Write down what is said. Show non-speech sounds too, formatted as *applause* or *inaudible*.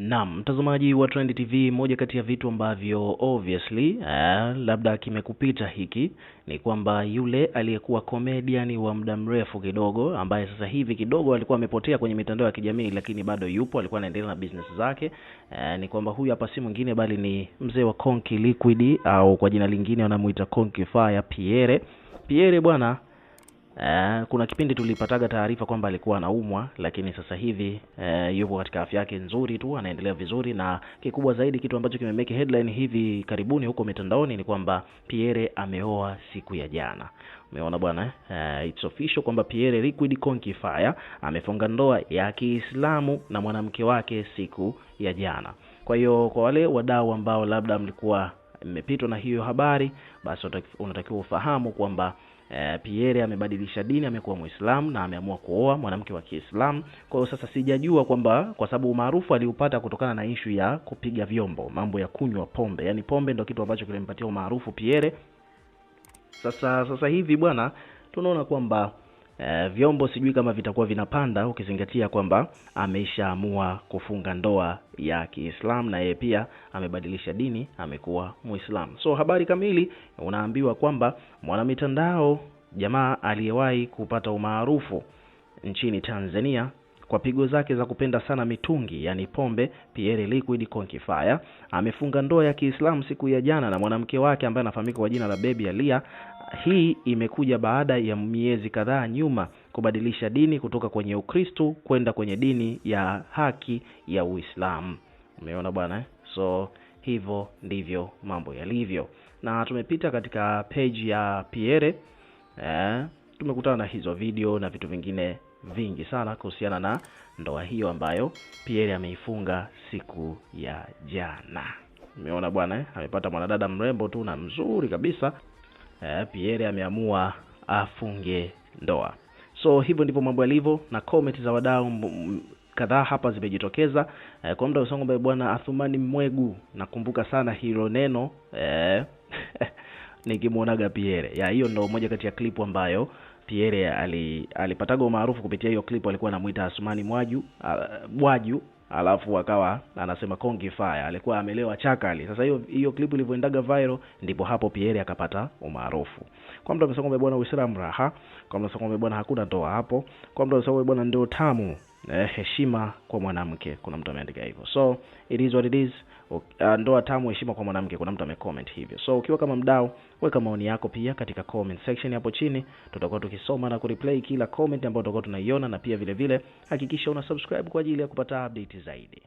Naam, mtazamaji wa Trend TV, moja kati ya vitu ambavyo obviously eh, labda kimekupita hiki ni kwamba yule aliyekuwa comedian wa muda mrefu kidogo ambaye sasa hivi kidogo alikuwa amepotea kwenye mitandao ya kijamii lakini bado yupo, alikuwa anaendelea na business zake eh, ni kwamba huyu hapa si mwingine bali ni mzee wa Konki Liquid au kwa jina lingine wanamuita Konki Fire Pierre. Pierre bwana Uh, kuna kipindi tulipataga taarifa kwamba alikuwa anaumwa, lakini sasa hivi uh, yupo katika afya yake nzuri tu, anaendelea vizuri, na kikubwa zaidi, kitu ambacho kimemeke headline hivi karibuni huko mitandaoni ni kwamba Pierre ameoa siku ya jana. Umeona bwana uh, It's official kwamba Pierre Liquid Conky Fire amefunga ndoa ya Kiislamu na mwanamke wake siku ya jana. Kwa hiyo kwa wale wadau ambao labda mlikuwa mmepitwa na hiyo habari, basi unatakiwa ufahamu kwamba e, Pierre amebadilisha dini, amekuwa Muislamu na ameamua kuoa mwanamke wa Kiislamu. Kwa hiyo sasa sijajua kwamba kwa sababu umaarufu aliupata kutokana na ishu ya kupiga vyombo, mambo ya kunywa pombe, yaani pombe ndio kitu ambacho kilimpatia umaarufu Pierre. Sasa sasa hivi bwana, tunaona kwamba e, vyombo sijui kama vitakuwa vinapanda ukizingatia kwamba ameishaamua kufunga ndoa ya Kiislamu na yeye pia amebadilisha dini, amekuwa muislam So habari kamili unaambiwa kwamba mwanamitandao jamaa aliyewahi kupata umaarufu nchini Tanzania kwa pigo zake za kupenda sana mitungi yani pombe, Pierre Liquid Conkifier amefunga ndoa ya Kiislamu siku ya jana na mwanamke wake ambaye anafahamika kwa jina la Baby Alia hii imekuja baada ya miezi kadhaa nyuma kubadilisha dini kutoka kwenye Ukristo kwenda kwenye dini ya haki ya Uislamu. Umeona bwana eh? So hivyo ndivyo mambo yalivyo, na tumepita katika page ya Pierre eh, tumekutana na hizo video na vitu vingine vingi sana kuhusiana na ndoa hiyo ambayo Pierre ameifunga siku ya jana. Umeona bwana eh? Amepata mwanadada mrembo tu na mzuri kabisa eh, Pierre ameamua afunge ndoa. So hivyo ndivyo mambo yalivyo, na comment za wadau kadhaa hapa zimejitokeza eh, kwa muda usongo. Bwana Athumani Mwegu, nakumbuka sana hilo neno eh, *laughs* nikimwonaga Pierre ya hiyo ndo moja kati ya klipu ambayo Pierre alipataga ali umaarufu kupitia hiyo klipu, alikuwa anamuita Asumani Mwaju uh, Mwaju alafu akawa anasema Kongi Fire, alikuwa amelewa chakali. Sasa hiyo hiyo klipu ilivyoendaga viral, ndipo hapo Pierre akapata umaarufu. Kwa mtu amesema kwamba bwana Uislamu raha, kwa mtu amesema kwamba bwana hakuna ndoa hapo, kwa mtu amesema kwamba bwana ndio tamu eh, heshima kwa mwanamke. Kuna mtu ameandika hivyo, so it is what it is. Uh, ndoa tamu, heshima kwa mwanamke. Kuna mtu amecomment hivyo, so ukiwa kama mdau, weka maoni yako pia katika comment section hapo chini. Tutakuwa tukisoma na kureplay kila comment ambayo tutakuwa tunaiona, na pia vile vile hakikisha una subscribe kwa ajili ya kupata update zaidi.